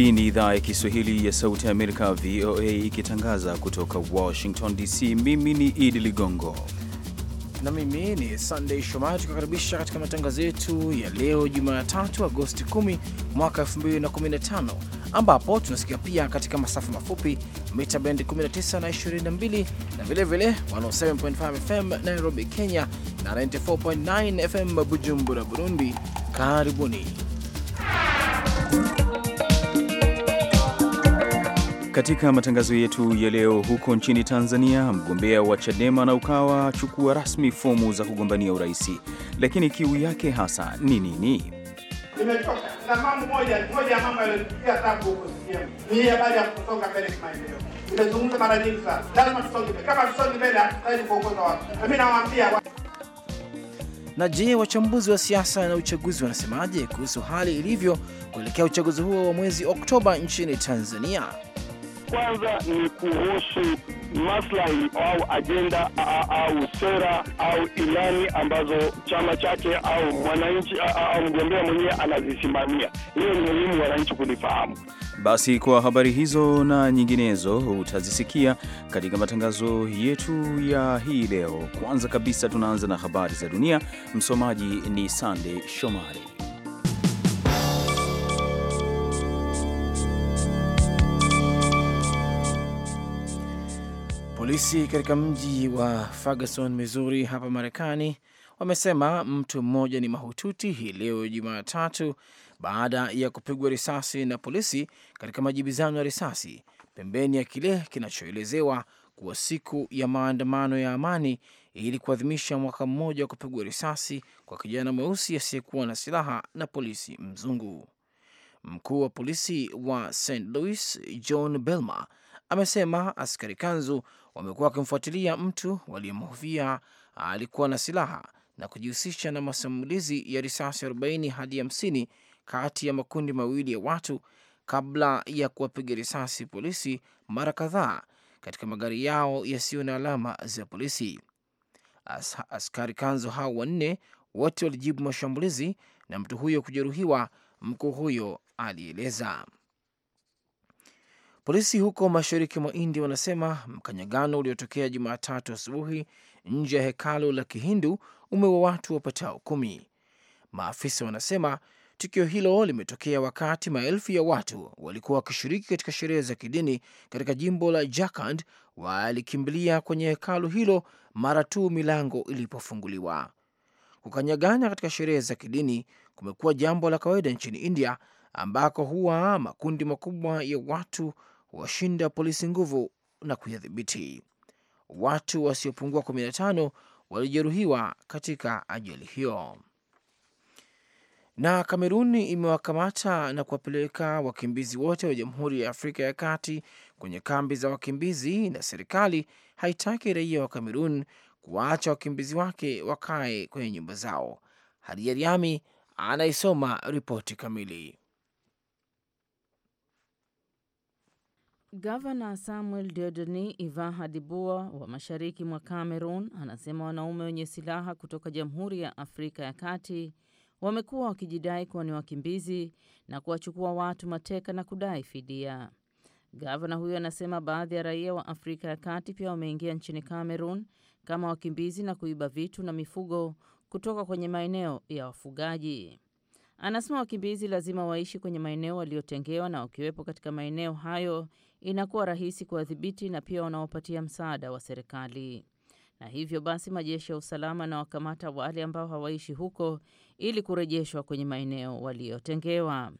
Hii ni idhaa ya Kiswahili ya Sauti ya Amerika, VOA, ikitangaza kutoka Washington DC. Mimi ni Idi Ligongo na mimi ni Sandey Shomari, tukakaribisha katika matangazo yetu ya leo Jumatatu, Agosti 10 mwaka 2015, ambapo tunasikia pia katika masafa mafupi mita bendi 19 na 22 na vilevile 107.5 FM Nairobi, Kenya na 94.9 FM Bujumbura, Burundi. Karibuni. Katika matangazo yetu ya leo, huko nchini Tanzania, mgombea wa Chadema na Ukawa chukua rasmi fomu za kugombania uraisi, lakini kiu yake hasa ni nini? Na mambo moja moja tangu huko CCM ni habari ya kutoka mbele kimaendeleo. Nimezungumza mara nyingi sana, lazima tusonge mbele. Kama tusonge mbele, hatutaweza kuongoza watu. mimi nawaambia. Na je, wachambuzi wa siasa na uchaguzi wanasemaje kuhusu hali ilivyo kuelekea uchaguzi huo wa mwezi Oktoba nchini Tanzania? kwanza ni kuhusu maslahi au ajenda au sera au ilani ambazo chama chake au mwananchi au mgombea mwenyewe anazisimamia. Hiyo ni muhimu wananchi kulifahamu. Basi kwa habari hizo na nyinginezo utazisikia katika matangazo yetu ya hii leo. Kwanza kabisa, tunaanza na habari za dunia. Msomaji ni Sande Shomari. Polisi katika mji wa Ferguson, Missouri hapa Marekani wamesema mtu mmoja ni mahututi hii leo Jumatatu baada ya kupigwa risasi na polisi katika majibizano ya risasi pembeni ya kile kinachoelezewa kuwa siku ya maandamano ya amani ili kuadhimisha mwaka mmoja wa kupigwa risasi kwa kijana mweusi asiyekuwa na silaha na polisi mzungu. Mkuu wa polisi wa St. Louis John Belma amesema askari kanzu wamekuwa wakimfuatilia mtu waliyemhofia alikuwa na silaha na kujihusisha na masimulizi ya risasi 40 hadi 50 kati ya makundi mawili ya watu kabla ya kuwapiga risasi polisi mara kadhaa katika magari yao yasiyo na alama za polisi. As askari kanzo hao wanne wote walijibu mashambulizi na mtu huyo kujeruhiwa, mkuu huyo alieleza. Polisi huko mashariki mwa India wanasema mkanyagano uliotokea Jumatatu asubuhi nje ya hekalu la Kihindu umeua watu wapatao kumi. Maafisa wanasema tukio hilo limetokea wakati maelfu ya watu walikuwa wakishiriki katika sherehe za kidini katika jimbo la Jharkhand walikimbilia kwenye hekalu hilo mara tu milango ilipofunguliwa. Kukanyagana katika sherehe za kidini kumekuwa jambo la kawaida nchini India ambako huwa makundi makubwa ya watu huwashinda polisi nguvu na kuyadhibiti. Watu wasiopungua 15 walijeruhiwa katika ajali hiyo. Na Kameruni imewakamata na kuwapeleka wakimbizi wote wa Jamhuri ya Afrika ya Kati kwenye kambi za wakimbizi, na serikali haitaki raia wa Kamerun kuwaacha wakimbizi wake wakae kwenye nyumba zao. Hadija Riami anaisoma ripoti kamili. Gavana Samuel dedeni Ivaha Dibua wa mashariki mwa Cameroon anasema wanaume wenye silaha kutoka Jamhuri ya Afrika ya Kati wamekuwa wakijidai kuwa ni wakimbizi na kuwachukua watu mateka na kudai fidia. Gavana huyo anasema baadhi ya raia wa Afrika ya Kati pia wameingia nchini Cameroon kama wakimbizi na kuiba vitu na mifugo kutoka kwenye maeneo ya wafugaji. Anasema wakimbizi lazima waishi kwenye maeneo waliotengewa na wakiwepo katika maeneo hayo inakuwa rahisi kuwadhibiti na pia wanaopatia msaada wa serikali. Na hivyo basi majeshi ya usalama na wakamata wale ambao hawaishi huko ili kurejeshwa kwenye maeneo waliyotengewa.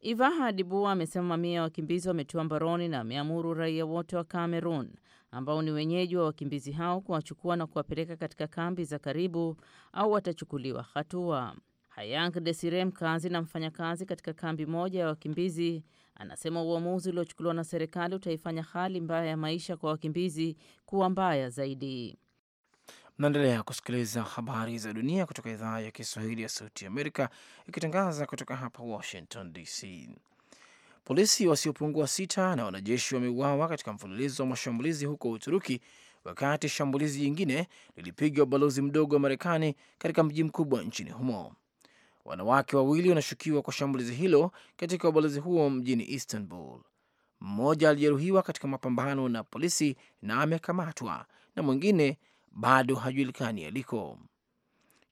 Ivaha Dibua amesema mamia ya wakimbizi wametiwa mbaroni na ameamuru raia wote wa Cameroon ambao ni wenyeji wa wakimbizi hao kuwachukua na kuwapeleka katika kambi za karibu au watachukuliwa hatua. Hayang Desire, mkazi na mfanyakazi katika kambi moja ya wakimbizi, anasema uamuzi uliochukuliwa na serikali utaifanya hali mbaya ya maisha kwa wakimbizi kuwa mbaya zaidi. Mnaendelea kusikiliza habari za dunia kutoka idhaa ya Kiswahili ya Sauti Amerika, ikitangaza kutoka hapa Washington DC. Polisi wasiopungua sita na wanajeshi wameuawa katika mfululizo wa mashambulizi huko Uturuki, wakati shambulizi jingine lilipiga ubalozi mdogo wa Marekani katika mji mkubwa nchini humo. Wanawake wawili wanashukiwa kwa shambulizi hilo katika ubalozi huo mjini Istanbul. Mmoja alijeruhiwa katika mapambano na polisi na amekamatwa na mwingine bado hajulikani aliko.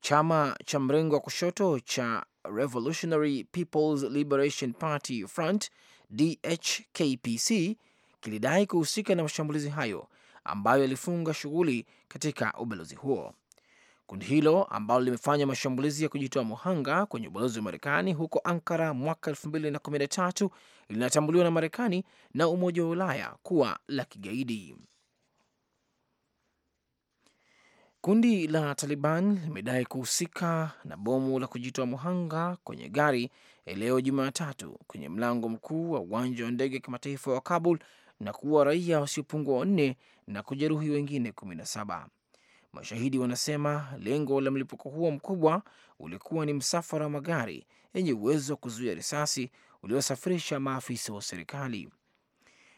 Chama cha mrengo wa kushoto cha Revolutionary People's Liberation Party Front DHKPC kilidai kuhusika na mashambulizi hayo ambayo yalifunga shughuli katika ubalozi huo. Kundi hilo ambalo limefanya mashambulizi ya kujitoa muhanga kwenye ubalozi wa Marekani huko Ankara mwaka 2013 linatambuliwa na Marekani na Umoja wa Ulaya kuwa la kigaidi. Kundi la Taliban limedai kuhusika na bomu la kujitoa muhanga kwenye gari leo Jumatatu kwenye mlango mkuu wa uwanja wa ndege kimataifa wa Kabul na kuua raia wasiopungua wanne na kujeruhi wengine saba. Mashahidi wanasema lengo la mlipuko huo mkubwa ulikuwa ni msafara wa magari yenye uwezo wa kuzuia risasi uliosafirisha maafisa wa serikali.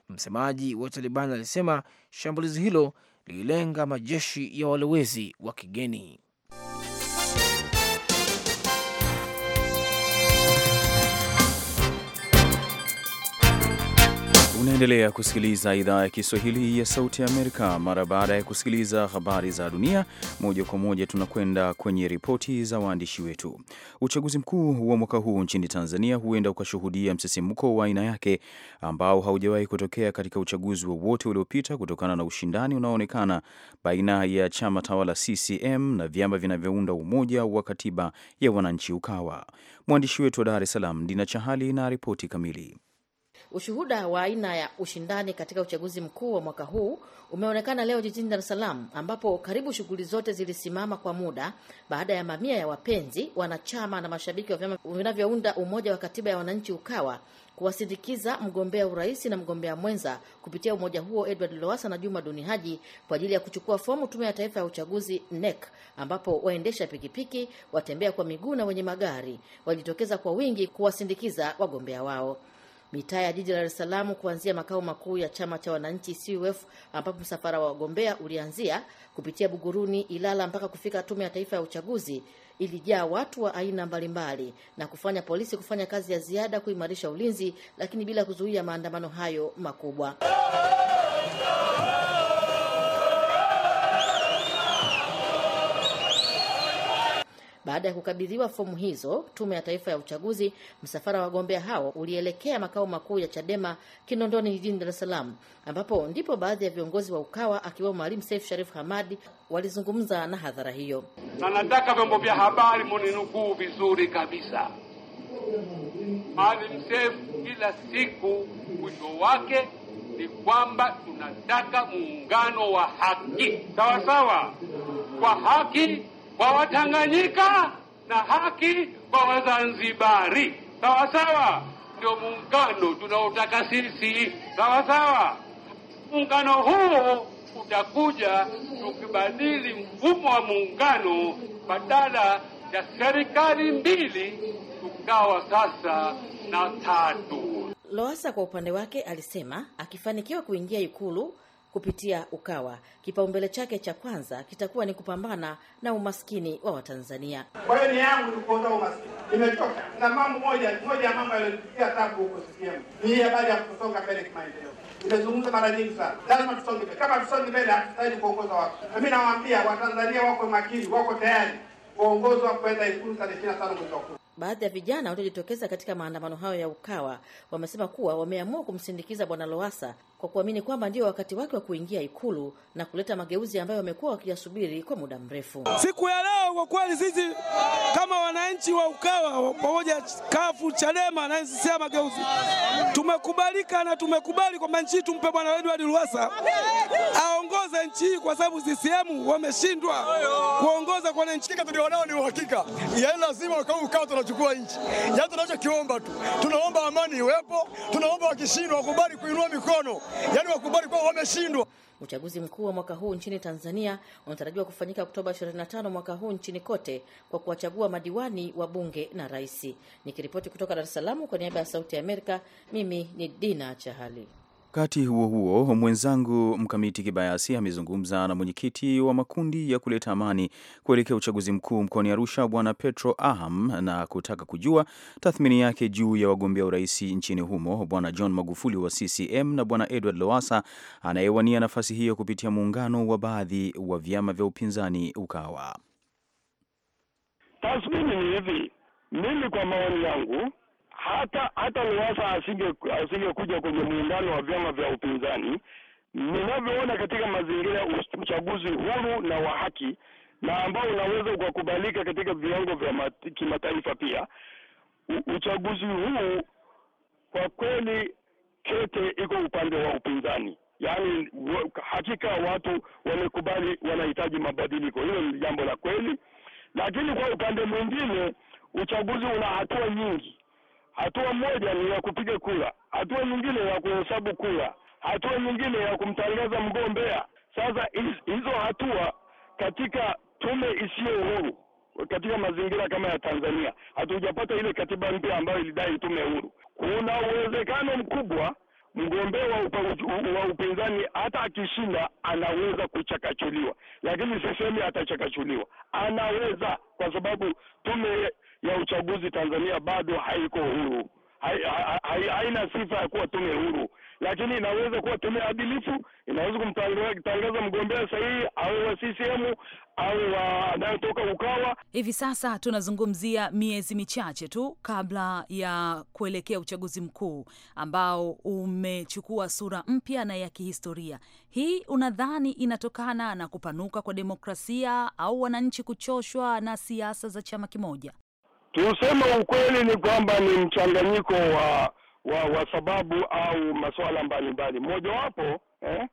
Msemaji wa Taliban alisema shambulizi hilo lililenga majeshi ya walowezi wa kigeni. Unaendelea kusikiliza idhaa ya Kiswahili ya Sauti ya Amerika. Mara baada ya kusikiliza habari za dunia moja kwa moja, tunakwenda kwenye ripoti za waandishi wetu. Uchaguzi mkuu wa mwaka huu nchini Tanzania huenda ukashuhudia msisimko wa aina yake ambao haujawahi kutokea katika uchaguzi wowote uliopita kutokana na ushindani unaoonekana baina ya chama tawala CCM na vyama vinavyounda Umoja wa Katiba ya Wananchi, UKAWA. Mwandishi wetu wa Dar es Salaam, Dina Chahali, na ripoti kamili. Ushuhuda wa aina ya ushindani katika uchaguzi mkuu wa mwaka huu umeonekana leo jijini Dar es Salaam, ambapo karibu shughuli zote zilisimama kwa muda baada ya mamia ya wapenzi, wanachama na mashabiki wa vyama vinavyounda Umoja wa Katiba ya Wananchi UKAWA kuwasindikiza mgombea urais na mgombea mwenza kupitia umoja huo Edward Lowassa na Juma Duni Haji kwa ajili ya kuchukua fomu Tume ya Taifa ya Uchaguzi NEC, ambapo waendesha pikipiki, watembea kwa miguu na wenye magari walijitokeza kwa wingi kuwasindikiza wagombea wao mitaa ya jiji la Dar es Salaam kuanzia makao makuu ya chama cha wananchi CUF ambapo msafara wa wagombea ulianzia kupitia Buguruni, Ilala mpaka kufika Tume ya Taifa ya Uchaguzi ilijaa watu wa aina mbalimbali na kufanya polisi kufanya kazi ya ziada kuimarisha ulinzi, lakini bila kuzuia maandamano hayo makubwa. Baada ya kukabidhiwa fomu hizo, Tume ya Taifa ya Uchaguzi, msafara wa wagombea hao ulielekea makao makuu ya Chadema Kinondoni jijini Dar es Salaam, ambapo ndipo baadhi ya viongozi wa Ukawa akiwemo Mwalimu Seif Sharif hamadi walizungumza na hadhara hiyo. Na nataka vyombo vya habari muninukuu vizuri kabisa. Maalim Seif kila siku wito wake ni kwamba tunataka muungano wa haki, sawasawa, kwa haki kwa Watanganyika na haki kwa Wazanzibari. sawa sawa ndio muungano tunaotaka sisi. sawa sawa muungano huo utakuja tukibadili mfumo wa muungano, badala ya serikali mbili tukawa sasa na tatu. Lowassa kwa upande wake alisema akifanikiwa kuingia Ikulu kupitia Ukawa. Kipaumbele chake cha kwanza kitakuwa ni kupambana na umaskini wa Watanzania. Kwa hiyo yangu ni kuondoa umaskini, imechoka na mambo moja moja ya mambo yaliyotukia tabu huko CCM ni hii habari ya kusonga mbele kimaendeleo. Imezungumza mara nyingi sana, lazima tusonge mbele. Kama tusonge mbele, hatustahili kuongoza watu. Mimi nawaambia Watanzania wako makini, wako tayari kuongozwa kwenda Ikulu tarehe tano mwezi wa Baadhi ya vijana waliojitokeza katika maandamano hayo ya Ukawa wamesema kuwa wameamua kumsindikiza Bwana loasa kwa kuamini kwamba ndio wakati wake wa kuingia Ikulu na kuleta mageuzi ambayo wamekuwa wakiyasubiri kwa muda mrefu. Siku ya leo kwa kweli sisi kama wananchi wa Ukawa pamoja kafu Chadema na NCCR Mageuzi tumekubalika na tumekubali kwamba nchi tumpe bwana Edward Lowassa aongoze nchi hii kwa sababu CCM wameshindwa kuongoza kwa nchi. Tulionao ni uhakika, yaani lazima wakau Ukawa tunachukua nchi, yaani tunachokiomba tu, tunaomba amani iwepo, tunaomba wakishindwa wakubali kuinua mikono yaani wakubali kwa wameshindwa. Uchaguzi mkuu wa mwaka huu nchini Tanzania unatarajiwa kufanyika Oktoba 25 mwaka huu nchini kote kwa kuwachagua madiwani wa bunge na rais. Nikiripoti kutoka Dar es Salaam kwa niaba ya Sauti ya Amerika, mimi ni Dina Chahali. Wakati huo huo, mwenzangu Mkamiti Kibayasi amezungumza na mwenyekiti wa makundi ya kuleta amani kuelekea uchaguzi mkuu mkoani Arusha, Bwana Petro Aham, na kutaka kujua tathmini yake juu ya wagombea urais nchini humo, Bwana John Magufuli wa CCM na Bwana Edward Lowasa anayewania nafasi hiyo kupitia muungano wa baadhi wa vyama vya upinzani UKAWA. Tathmini ni hivi, mimi kwa maoni yangu hata hata Lowassa asinge asingekuja kwenye muungano wa vyama vya upinzani, ninavyoona katika mazingira ya uchaguzi huru na wa haki na ambao unaweza ukakubalika katika viwango vya kimataifa pia. U, uchaguzi huu kwa kweli kete iko upande wa upinzani, yaani hakika watu wamekubali wanahitaji mabadiliko. Hilo ni jambo la kweli, lakini kwa upande mwingine uchaguzi una hatua nyingi Hatua moja ni ya kupiga kura, hatua nyingine ya kuhesabu kura, hatua nyingine ya kumtangaza mgombea. Sasa hizo hatua katika tume isiyo huru katika mazingira kama ya Tanzania hatujapata ile katiba mpya ambayo ilidai tume huru. Kuna uwezekano mkubwa mgombea wa, wa upinzani hata akishinda anaweza kuchakachuliwa, lakini sisemi atachakachuliwa, anaweza kwa sababu tume ya uchaguzi Tanzania bado haiko huru, haina hai, hai sifa ya kuwa tume huru, lakini inaweza kuwa tume adilifu, inaweza kumtangaza mgombea sahihi au wa CCM au anayotoka Ukawa. Hivi sasa tunazungumzia miezi michache tu kabla ya kuelekea uchaguzi mkuu ambao umechukua sura mpya na ya kihistoria. Hii unadhani inatokana na kupanuka kwa demokrasia au wananchi kuchoshwa na siasa za chama kimoja? Tuseme ukweli ni kwamba ni mchanganyiko wa wa, wa sababu au masuala mbalimbali. Mojawapo eh,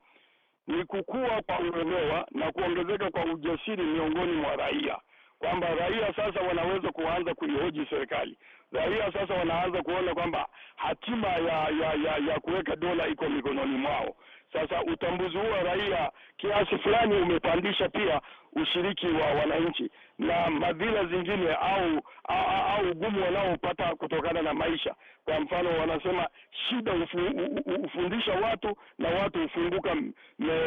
ni kukua kwa uelewa na kuongezeka kwa ujasiri miongoni mwa raia kwamba raia sasa wanaweza kuanza kuihoji serikali. Raia sasa wanaanza kuona kwamba hatima ya ya ya, ya kuweka dola iko mikononi mwao. Sasa utambuzi huu wa raia kiasi fulani umepandisha pia ushiriki wa wananchi na madhila zingine au au ugumu wanaopata kutokana na maisha. Kwa mfano, wanasema shida ufu, watu na watu hufunguka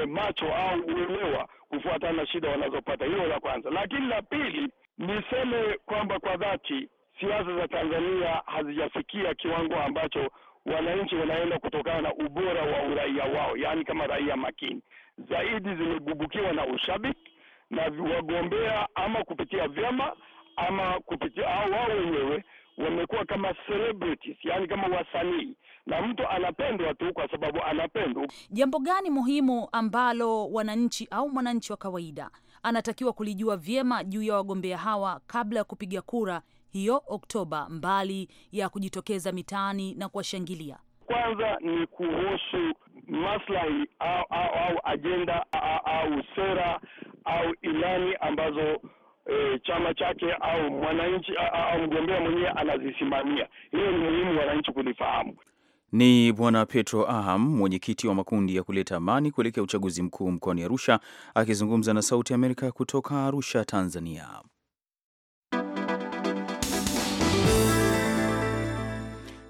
macho au uelewa kufuatana na shida wanazopata. Hilo la kwanza, lakini la pili niseme kwamba kwa dhati siasa za Tanzania hazijafikia kiwango ambacho wananchi wanaenda kutokana na ubora wa uraia wao, yaani kama raia makini zaidi, zimegubukiwa na ushabiki na wagombea ama kupitia vyama ama kupitia wao wenyewe wamekuwa kama celebrities, yani kama wasanii, na mtu anapendwa tu kwa sababu anapendwa. Jambo gani muhimu ambalo wananchi au mwananchi wa kawaida anatakiwa kulijua vyema juu ya wagombea hawa kabla ya kupiga kura hiyo Oktoba, mbali ya kujitokeza mitaani na kuwashangilia? Kwanza ni kuhusu maslahi au, au, au ajenda au, au sera au ilani ambazo e, chama chake au mwananchi au mgombea mwenyewe anazisimamia. Hiyo ni muhimu wananchi kulifahamu. Ni Bwana Petro Aham, mwenyekiti wa makundi ya kuleta amani kuelekea uchaguzi mkuu mkoani Arusha, akizungumza na Sauti Amerika kutoka Arusha, Tanzania.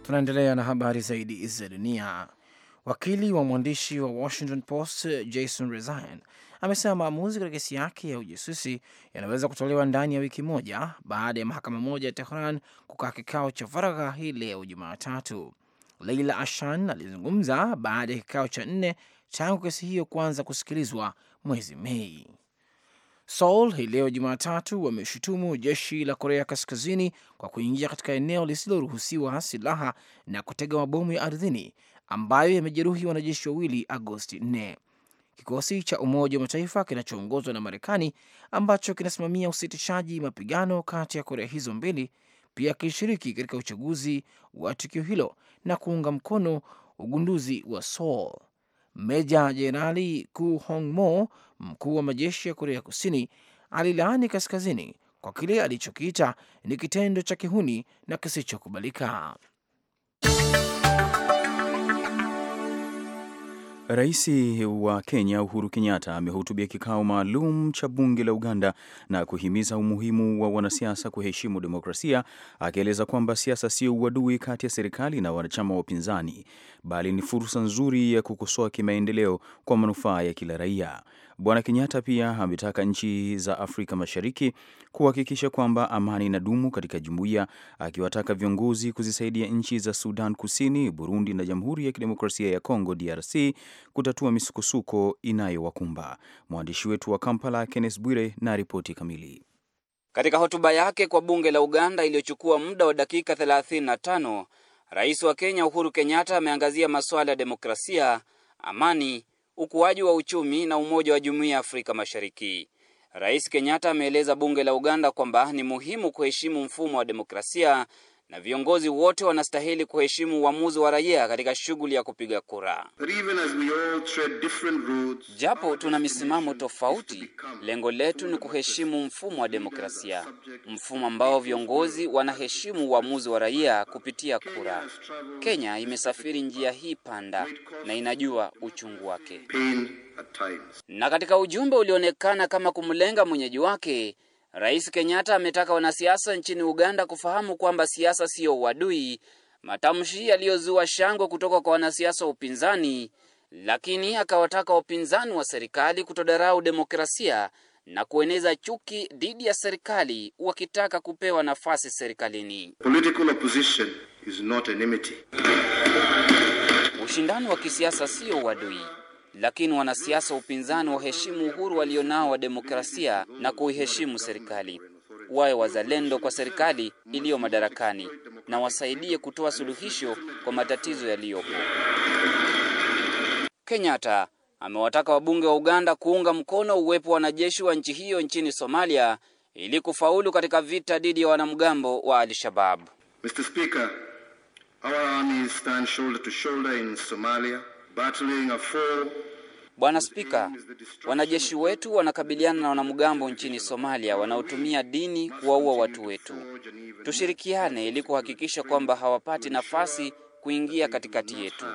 Tunaendelea na habari zaidi za dunia. Wakili wa mwandishi wa Washington Post Jason Rezaian amesema maamuzi katika kesi yake ya ujasusi yanaweza kutolewa ndani ya wiki moja baada ya mahakama moja ya Tehran kukaa kikao cha faragha hii leo Jumatatu. Leila Ashan alizungumza baada ya kikao cha nne tangu kesi hiyo kuanza kusikilizwa mwezi Mei. Seoul hii leo Jumatatu wameshutumu jeshi la Korea Kaskazini kwa kuingia katika eneo lisiloruhusiwa silaha na kutega mabomu ya ardhini ambayo yamejeruhi wanajeshi wawili Agosti 4. Kikosi cha Umoja wa Mataifa kinachoongozwa na Marekani ambacho kinasimamia usitishaji mapigano kati ya Korea hizo mbili pia kilishiriki katika uchaguzi wa tukio hilo na kuunga mkono ugunduzi wa Seoul. Meja Jenerali Ku Hong Mo, mkuu wa majeshi ya Korea Kusini, alilaani kaskazini kwa kile alichokiita ni kitendo cha kihuni na kisichokubalika. Rais wa Kenya Uhuru Kenyatta amehutubia kikao maalum cha bunge la Uganda na kuhimiza umuhimu wa wanasiasa kuheshimu demokrasia, akieleza kwamba siasa sio uadui kati ya serikali na wanachama wa upinzani, bali ni fursa nzuri ya kukosoa kimaendeleo kwa manufaa ya kila raia. Bwana Kenyatta pia ametaka nchi za Afrika Mashariki kuhakikisha kwamba amani inadumu katika jumuiya, akiwataka viongozi kuzisaidia nchi za Sudan Kusini, Burundi na Jamhuri ya Kidemokrasia ya Kongo DRC kutatua misukosuko inayowakumba. Mwandishi wetu wa Kampala Kenneth Bwire na ripoti kamili. Katika hotuba yake kwa bunge la Uganda iliyochukua muda wa dakika 35, Rais wa Kenya Uhuru Kenyatta ameangazia masuala ya demokrasia, amani ukuaji wa uchumi na umoja wa Jumuiya ya Afrika Mashariki. Rais Kenyatta ameeleza bunge la Uganda kwamba ni muhimu kuheshimu mfumo wa demokrasia na viongozi wote wanastahili kuheshimu uamuzi wa raia katika shughuli ya kupiga kura. Japo tuna misimamo tofauti, lengo letu ni kuheshimu mfumo wa demokrasia, mfumo ambao viongozi wanaheshimu uamuzi wa raia kupitia kura. Kenya imesafiri njia hii panda na inajua uchungu wake. Na katika ujumbe ulioonekana kama kumlenga mwenyeji wake Rais Kenyatta ametaka wanasiasa nchini Uganda kufahamu kwamba siasa siyo uadui, matamshi yaliyozua shangwe kutoka kwa wanasiasa wa upinzani, lakini akawataka wapinzani wa serikali kutodarau demokrasia na kueneza chuki dhidi ya serikali wakitaka kupewa nafasi serikalini. Political opposition is not enemy. Ushindani wa kisiasa sio uadui lakini wanasiasa upinzani waheshimu uhuru walionao wa demokrasia na kuiheshimu serikali, wawe wazalendo kwa serikali iliyo madarakani na wasaidie kutoa suluhisho kwa matatizo yaliyopo. Kenyatta amewataka wabunge wa Uganda kuunga mkono uwepo wa wanajeshi wa nchi hiyo nchini Somalia ili kufaulu katika vita dhidi ya wanamgambo wa Al-Shabaab. Mr. Speaker, our stand shoulder to shoulder in Somalia Bwana Spika, wanajeshi wetu wanakabiliana na wanamgambo nchini Somalia wanaotumia dini kuwaua watu wetu. Tushirikiane ili kuhakikisha kwamba hawapati nafasi kuingia katikati yetu.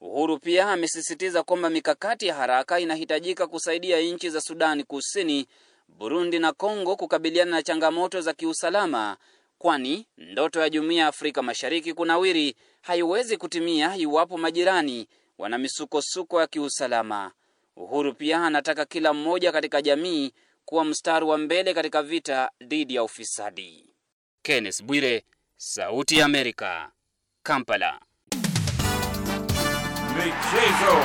Uhuru pia amesisitiza kwamba mikakati ya haraka inahitajika kusaidia nchi za Sudani Kusini, Burundi na Kongo kukabiliana na changamoto za kiusalama kwani ndoto ya jumuiya ya Afrika Mashariki kunawiri haiwezi kutimia iwapo majirani wana misukosuko ya kiusalama. Uhuru pia anataka kila mmoja katika jamii kuwa mstari wa mbele katika vita dhidi ya ufisadi. Kenneth Bwire, Sauti ya Amerika, Kampala. Michezo.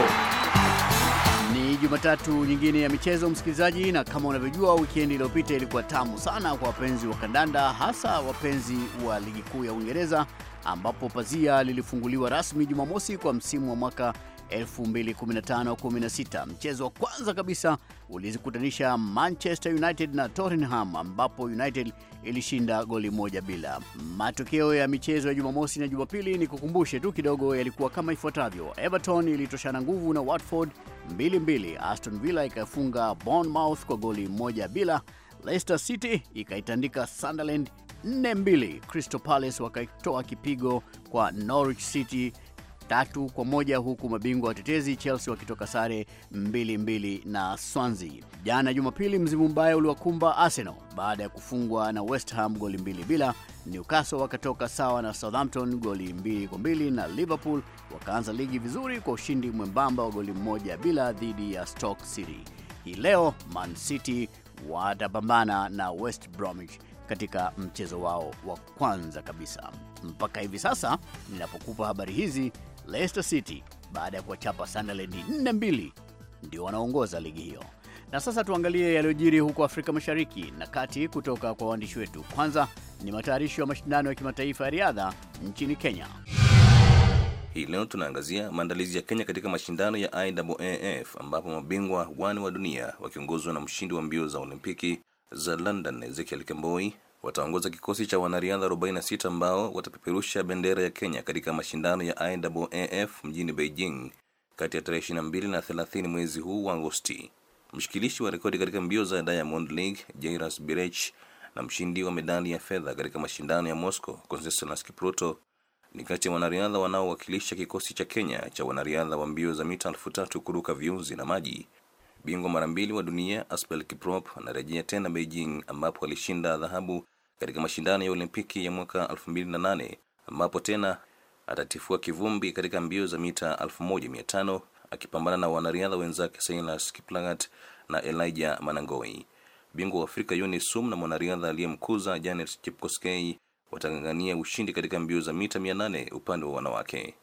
Jumatatu nyingine ya michezo, msikilizaji, na kama unavyojua, wikendi iliyopita ilikuwa tamu sana kwa wapenzi wa kandanda, hasa wapenzi wa ligi kuu ya Uingereza ambapo pazia lilifunguliwa rasmi Jumamosi kwa msimu wa mwaka 2015-16. Mchezo wa kwanza kabisa ulizikutanisha Manchester United na Tottenham ambapo United ilishinda goli moja bila. Matokeo ya michezo ya Jumamosi na Jumapili ni kukumbushe tu kidogo, yalikuwa kama ifuatavyo: Everton ilitoshana nguvu na Watford 2-2, Aston Villa ikafunga Bournemouth kwa goli moja bila, Leicester City ikaitandika Sunderland 4-2, Crystal Palace wakaitoa kipigo kwa Norwich City tatu kwa moja huku mabingwa watetezi Chelsea wakitoka sare mbili mbili na Swansea. Jana Jumapili, mzimu mbaya uliwakumba Arsenal baada ya kufungwa na West Ham goli mbili bila. Newcastle wakatoka sawa na Southampton goli mbili kwa mbili na Liverpool wakaanza ligi vizuri kwa ushindi mwembamba wa goli mmoja bila dhidi ya Stoke City. Hii leo Man City watapambana na West Bromwich katika mchezo wao wa kwanza kabisa. Mpaka hivi sasa ninapokupa habari hizi Leicester City baada ya kuwachapa Sunderland 4-2 ndio wanaongoza ligi hiyo. Na sasa tuangalie yaliyojiri huko Afrika Mashariki na Kati kutoka kwa waandishi wetu. Kwanza ni matayarisho ya mashindano ya kimataifa ya riadha nchini Kenya. Hii leo tunaangazia maandalizi ya Kenya katika mashindano ya IAAF ambapo mabingwa wane wa dunia wakiongozwa na mshindi wa mbio za Olimpiki za London Ezekiel Kemboi wataongoza kikosi cha wanariadha 46 ambao watapeperusha bendera ya Kenya katika mashindano ya IAAF mjini Beijing kati ya tarehe 22 na 30 mwezi huu wa Agosti. Mshikilishi wa rekodi katika mbio za Diamond League Jairus Birech na mshindi wa medali ya fedha katika mashindano ya Moscow Conseslus Kipruto ni kati ya wanariadha wanaowakilisha kikosi cha Kenya cha wanariadha wa mbio za mita elfu tatu kuruka viunzi na maji. Bingwa mara mbili wa dunia Aspel Kiprop anarejea tena Beijing ambapo alishinda dhahabu katika mashindano ya Olimpiki ya mwaka 2008 ambapo tena atatifua kivumbi katika mbio za mita 1500 akipambana na wanariadha wenzake Silas Kiplagat na Elijah Manangoi. Bingwa wa Afrika Yoni Sum na mwanariadha aliyemkuza Janet Chepkoskei watang'ang'ania ushindi katika mbio za mita 800 upande wa wanawake.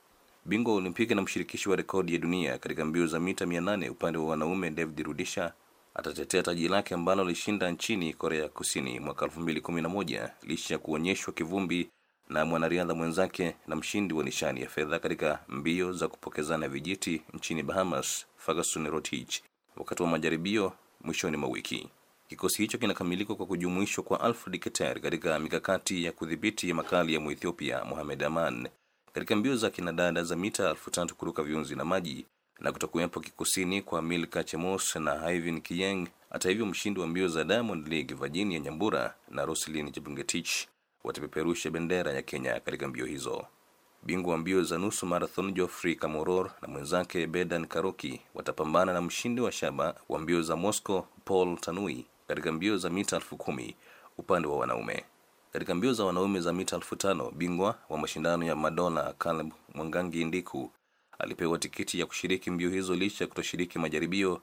Bingwa wa Olimpiki na mshirikishi wa rekodi ya dunia katika mbio za mita 800 upande wa wanaume David Rudisha atatetea taji lake ambalo alishinda nchini Korea Kusini mwaka 2011 licha ya kuonyeshwa kivumbi na mwanariadha mwenzake na mshindi wa nishani ya fedha katika mbio za kupokezana vijiti nchini Bahamas, Ferguson Rotich, wakati wa majaribio mwishoni mwa wiki. Kikosi hicho kinakamilika kwa kujumuishwa kwa Alfred Keter katika mikakati ya kudhibiti makali ya Muethiopia Mohamed Aman katika mbio za kinadada za mita elfu tatu kuruka viunzi na maji na kutokuwepo kikusini kwa Milka Chemos na Ivin Kiyeng. Hata hivyo, mshindi wa mbio za Diamond League Virginia Nyambura na Roslyn Chebungetich watapeperusha bendera ya Kenya katika mbio hizo. Bingwa wa mbio za nusu marathon Geoffrey kamoror na mwenzake Bedan Karoki watapambana na mshindi wa shaba wa mbio za Moscow Paul Tanui katika mbio za mita elfu kumi upande wa wanaume. Katika mbio za wanaume za mita elfu tano bingwa wa mashindano ya madona Caleb Mwangangi Ndiku alipewa tikiti ya kushiriki mbio hizo licha ya kutoshiriki majaribio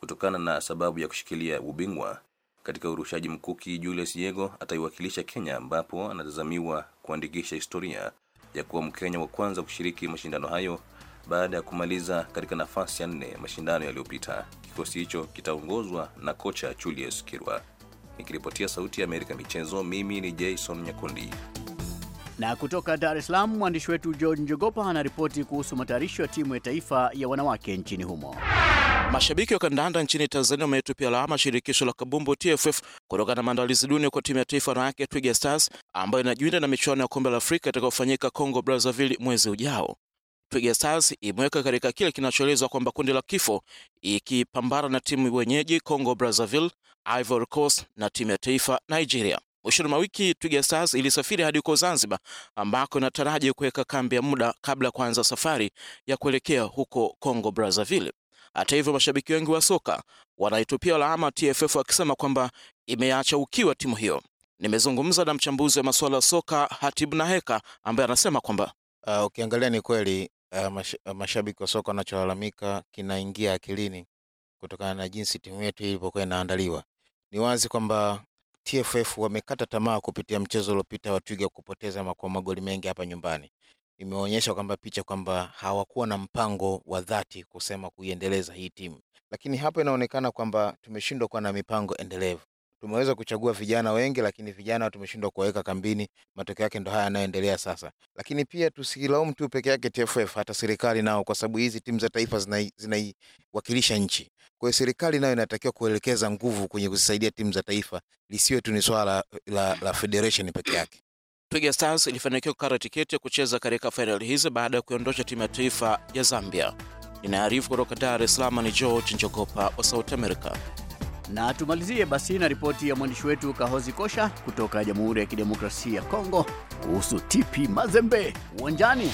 kutokana na sababu ya kushikilia ubingwa katika urushaji mkuki Julius Yego ataiwakilisha Kenya ambapo anatazamiwa kuandikisha historia ya kuwa Mkenya wa kwanza kushiriki mashindano hayo baada ya kumaliza katika nafasi ya nne mashindano yaliyopita. Kikosi hicho kitaongozwa na kocha Julius Kirwa. Nikiripotia Sauti ya Amerika michezo, mimi ni Jason Nyakundi. Na kutoka Dar es Salaam mwandishi wetu George Njogopa anaripoti kuhusu matayarisho ya timu ya taifa ya wanawake nchini humo. Mashabiki wa kandanda nchini Tanzania wametupia lawama shirikisho la kabumbu TFF kutokana na maandalizi duni kwa timu ya taifa wanawake Twiga Stars ambayo inajiunga na michuano ya kombe la Afrika itakayofanyika Congo Brazzaville mwezi ujao. Twiga Stars imeweka katika kile kinachoelezwa kwamba kundi la kifo, ikipambana na timu wenyeji Congo Brazzaville, Ivory Coast na timu ya taifa Nigeria. Mwishoni mwa wiki Twiga Stars ilisafiri hadi huko Zanzibar ambako inataraji kuweka kambi ya muda kabla ya kuanza safari ya kuelekea huko Congo Brazzaville. Hata hivyo, mashabiki wengi wa soka wanaitupia lawama TFF wakisema kwamba imeacha ukiwa timu hiyo. Nimezungumza na mchambuzi wa masuala ya soka Hatibu Naheka ambaye anasema kwamba uh, ukiangalia ni kweli uh, mash, uh, mashabiki wa soka wanacholalamika kinaingia akilini kutokana na jinsi timu yetu ilivyokuwa inaandaliwa. Ni wazi kwamba TFF wamekata tamaa kupitia mchezo uliopita wa Twiga kupoteza makwa magoli mengi hapa nyumbani. Imeonyesha kwamba picha kwamba hawakuwa na mpango wa dhati kusema kuiendeleza hii timu, lakini hapa inaonekana kwamba tumeshindwa kuwa na mipango endelevu tumeweza kuchagua vijana wengi, lakini vijana tumeshindwa kuwaweka kambini. Matokeo yake ndo haya yanayoendelea sasa. Lakini pia tusilaumu tu peke yake TFF, hata serikali nao, kwa sababu hizi timu za taifa zinaiwakilisha zina nchi. Kwa hiyo serikali nayo inatakiwa kuelekeza nguvu kwenye kuzisaidia timu za taifa, lisiwe tu ni swala la, la federation peke yake. Twiga Stars ilifanikiwa kukata tiketi ya kucheza katika fainali hizi baada ya kuondosha timu ya taifa ya Zambia. Ninaarifu kutoka Dar es Salaam ni George Njogopa wa South America. Na tumalizie basi na ripoti ya mwandishi wetu Kahozi Kosha kutoka Jamhuri ya Kidemokrasia ya Kongo kuhusu TP Mazembe uwanjani.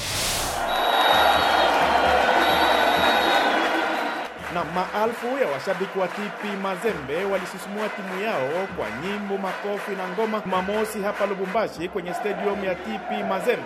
Na maelfu ya washabiki wa TP Mazembe walisisimua timu yao kwa nyimbo, makofi na ngoma mamosi hapa Lubumbashi kwenye stadium ya TP Mazembe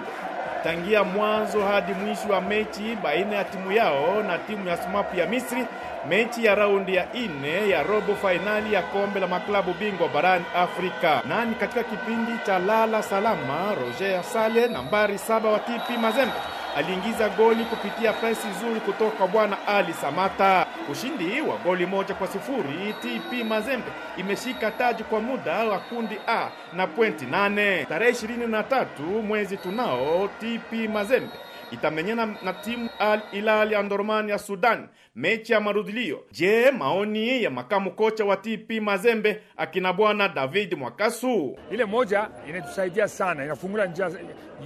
tangia mwanzo hadi mwisho wa mechi baina ya timu yao na timu ya Smapu ya Misri, mechi ya raundi ya ine ya robo fainali ya kombe la maklabu bingwa barani Afrika. Nani katika kipindi cha lala salama, Roger Sale nambari saba wa TP Mazembe aliingiza goli kupitia pasi nzuri kutoka kwa bwana Ali Samata. Ushindi wa goli moja kwa sifuri, TP Mazembe imeshika taji kwa muda wa kundi A na pointi nane. Tarehe 23 mwezi tunao, TP Mazembe itamenyana na timu Al Hilal ya Omdurman ya Sudan, mechi ya marudhilio. Je, maoni ya makamu kocha wa TP Mazembe akina bwana David Mwakasu? Ile moja inatusaidia sana, inafungula njia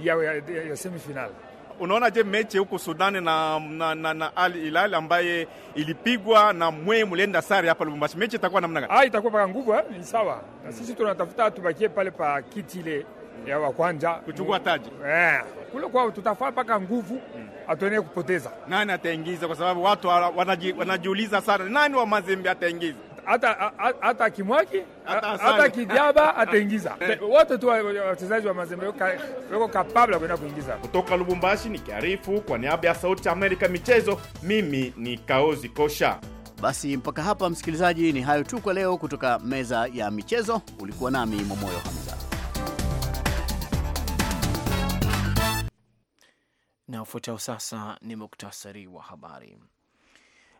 ya, ya, ya, ya semifinali Unaona je mechi huku Sudani na, na, na, na Al Hilal ambaye ilipigwa na mwe mlienda sare hapa Lubumbashi, mechi itakuwa namna gani? Ah, itakuwa paka nguvu eh? Ni sawa mm. Sisi tunatafuta tubakie pale pa kiti ile ya wa kwanza kuchukua taji eh, kule kwao tutafaa paka nguvu mm. Atuenee kupoteza nani ataingiza, kwa sababu watu wanaji, wanajiuliza sana nani wa Mazembe ataingiza hata kimwaki hata kidiaba ataingiza eh. wote tu wachezaji wa mazembe wako kapabla kwenda kuingiza. Kutoka Lubumbashi ni kiarifu kwa niaba ya Sauti ya Amerika michezo, mimi ni Kaozi Kosha. Basi mpaka hapa, msikilizaji, ni hayo tu kwa leo kutoka meza ya michezo. Ulikuwa nami Momoyo Hamza. Na ufuatao sasa ni muktasari wa habari.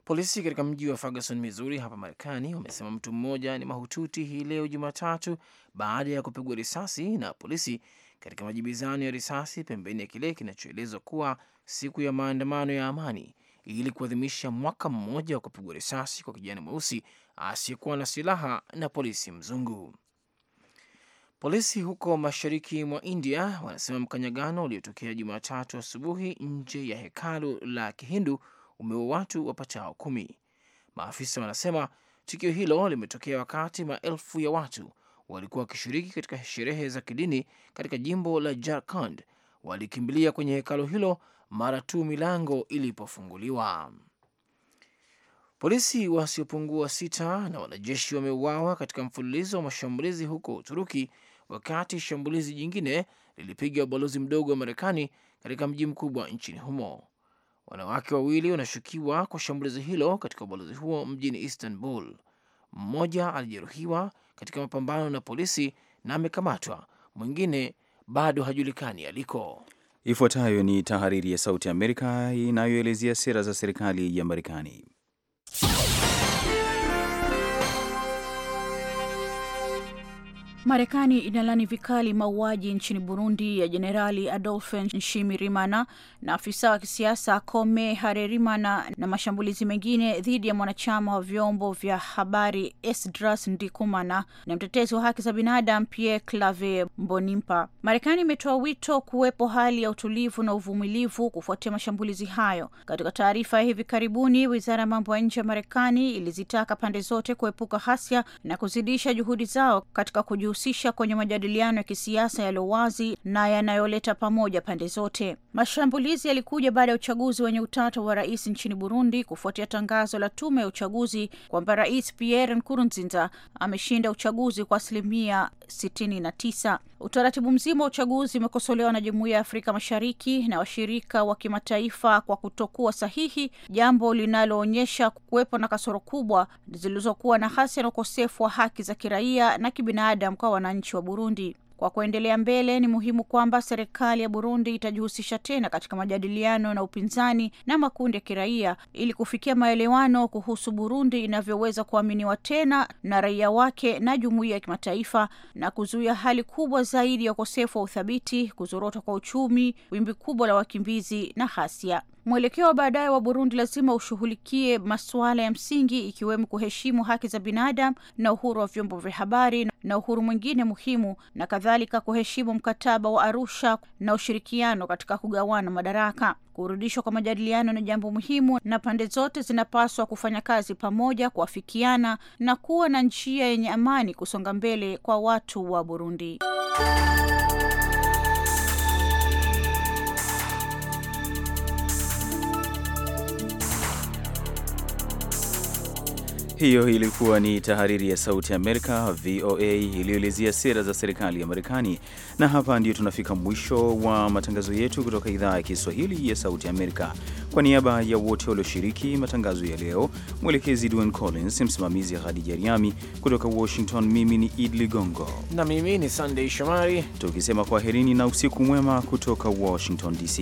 Polisi katika mji wa Ferguson, Missouri, hapa Marekani wamesema mtu mmoja ni mahututi hii leo Jumatatu baada ya kupigwa risasi na polisi katika majibizano ya risasi pembeni ya kile kinachoelezwa kuwa siku ya maandamano ya amani ili kuadhimisha mwaka mmoja wa kupigwa risasi kwa kijana mweusi asiyekuwa na silaha na polisi mzungu. Polisi huko mashariki mwa India wanasema mkanyagano uliotokea Jumatatu asubuhi nje ya hekalu la Kihindu umeua watu wapatao kumi. Maafisa wanasema tukio hilo limetokea wakati maelfu ya watu walikuwa wakishiriki katika sherehe za kidini katika jimbo la Jharkhand walikimbilia kwenye hekalo hilo mara tu milango ilipofunguliwa. Polisi wasiopungua sita na wanajeshi wameuawa katika mfululizo wa mashambulizi huko Uturuki, wakati shambulizi jingine lilipiga ubalozi mdogo wa Marekani katika mji mkubwa nchini humo. Wanawake wawili wanashukiwa kwa shambulizi hilo katika ubalozi huo mjini Istanbul. Mmoja alijeruhiwa katika mapambano na polisi na amekamatwa, mwingine bado hajulikani aliko. Ifuatayo ni tahariri ya Sauti Amerika inayoelezea sera za serikali ya Marekani. Marekani inalani vikali mauaji nchini Burundi ya Jenerali Adolphe Nshimirimana na afisa wa kisiasa Kome Harerimana na mashambulizi mengine dhidi ya mwanachama wa vyombo vya habari Esdras Ndikumana na mtetezi wa haki za binadamu Pierre Clave Mbonimpa. Marekani imetoa wito kuwepo hali ya utulivu na uvumilivu kufuatia mashambulizi hayo. Katika taarifa ya hivi karibuni, wizara ya mambo ya nje ya Marekani ilizitaka pande zote kuepuka hasia na kuzidisha juhudi zao katika kuju kujihusisha kwenye majadiliano ya kisiasa yaliyo wazi na yanayoleta pamoja pande zote. Mashambulizi yalikuja baada ya uchaguzi wenye utata wa rais nchini Burundi kufuatia tangazo la tume ya uchaguzi kwamba Rais Pierre Nkurunziza ameshinda uchaguzi kwa asilimia 69. Utaratibu mzima wa uchaguzi umekosolewa na Jumuiya ya Afrika Mashariki na washirika wa kimataifa kwa kutokuwa sahihi, jambo linaloonyesha kuwepo na kasoro kubwa zilizokuwa na hasi na ukosefu wa haki za kiraia na kibinadamu kwa wananchi wa Burundi. Kwa kuendelea mbele, ni muhimu kwamba serikali ya Burundi itajihusisha tena katika majadiliano na upinzani na makundi ya kiraia ili kufikia maelewano kuhusu Burundi inavyoweza kuaminiwa tena na raia wake na jumuiya ya kimataifa na kuzuia hali kubwa zaidi ya ukosefu wa uthabiti, kuzorota kwa uchumi, wimbi kubwa la wakimbizi na ghasia Mwelekeo wa baadaye wa Burundi lazima ushughulikie masuala ya msingi ikiwemo kuheshimu haki za binadamu na uhuru wa vyombo vya habari na uhuru mwingine muhimu na kadhalika, kuheshimu mkataba wa Arusha na ushirikiano katika kugawana madaraka. Kurudishwa kwa majadiliano ni jambo muhimu, na pande zote zinapaswa kufanya kazi pamoja, kuafikiana na kuwa na njia yenye amani kusonga mbele kwa watu wa Burundi. Hiyo ilikuwa ni tahariri ya Sauti ya Amerika VOA iliyoelezea sera za serikali ya Marekani. Na hapa ndio tunafika mwisho wa matangazo yetu kutoka idhaa ya Kiswahili ya Sauti Amerika. Kwa niaba ya wote walioshiriki matangazo ya leo, mwelekezi Dwayne Collins, msimamizi hadija Riami kutoka Washington, mimi ni Id Ligongo na mimi ni Sandey Shomari, tukisema kwaherini na usiku mwema kutoka Washington DC.